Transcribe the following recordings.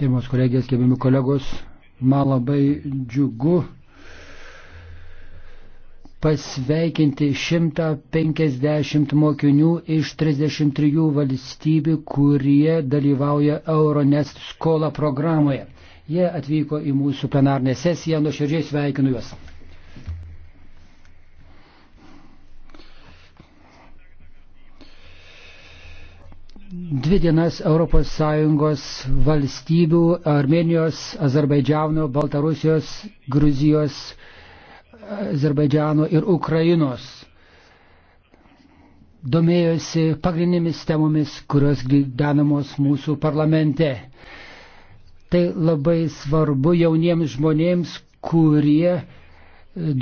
Tėmos kolegės, gerbimi kolegos, man labai džiugu pasveikinti 150 mokinių iš 33 valstybių, kurie dalyvauja Euronest skola programoje. Jie atvyko į mūsų plenarnę sesiją, nuoširdžiai sveikinu juos. dvi dienas ES valstybių - Armenijos, Azerbaidžiano, Baltarusijos, Gruzijos, Azerbaidžiano ir Ukrainos domėjosi pagrindinėmis temomis, kurios gyvenamos mūsų parlamente. Tai labai svarbu jauniems žmonėms, kurie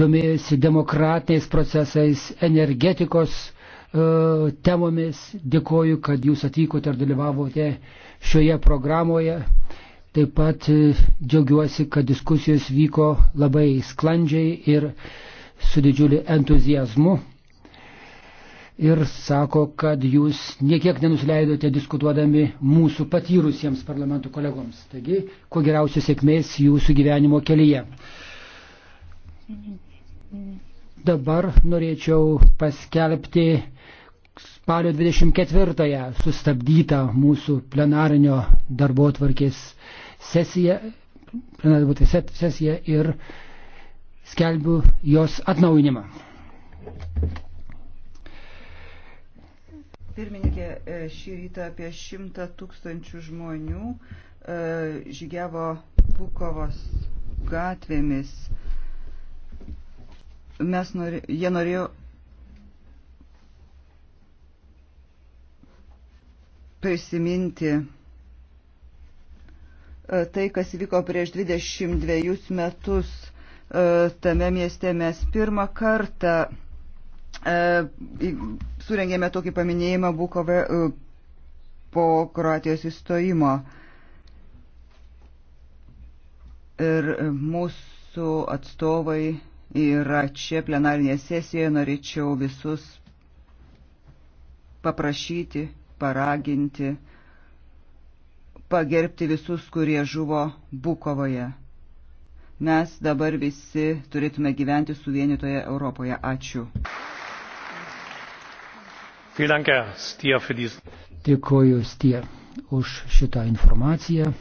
domėjosi demokratiniais procesais, energetikos E, temomis. Dėkoju, kad jūs atvykote ir dalyvavote šioje programoje. Taip pat e, džiaugiuosi, kad diskusijos vyko labai sklandžiai ir su didžiuliu entuzijazmu. Ir sako, kad jūs niekiek nenusileidote diskutuodami mūsų patyrusiems parlamento kolegoms. Taigi, kuo geriausios sėkmės jūsų gyvenimo kelyje. Mm-hmm. Dabar norėčiau paskelbti spalio 24-ąją sustabdytą mūsų plenarinio darbo atvarkės sesiją, plenarinio sesiją ir skelbiu jos atnaujinimą. Pirmininkė, e, šį rytą apie šimtą tūkstančių žmonių e, žygiavo Bukovos gatvėmis mes norė, jie norėjo prisiminti e, tai, kas įvyko prieš 22 metus e, tame mieste. Mes pirmą kartą e, surengėme tokį paminėjimą Bukove po Kroatijos įstojimo. Ir mūsų atstovai yra čia plenarinėje sesijoje. Norėčiau visus paprašyti, paraginti, pagerbti visus, kurie žuvo Bukovoje. Mes dabar visi turėtume gyventi suvienitoje Europoje. Ačiū. Dėkoju Stier už šitą informaciją.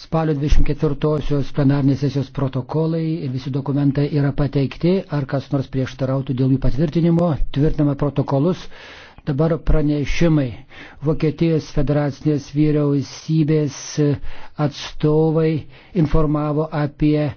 Spalio 24-osios plenarnės sesijos protokolai ir visi dokumentai yra pateikti. Ar kas nors prieštarautų dėl jų patvirtinimo? Tvirtiname protokolus. Dabar pranešimai. Vokietijos federacinės vyriausybės atstovai informavo apie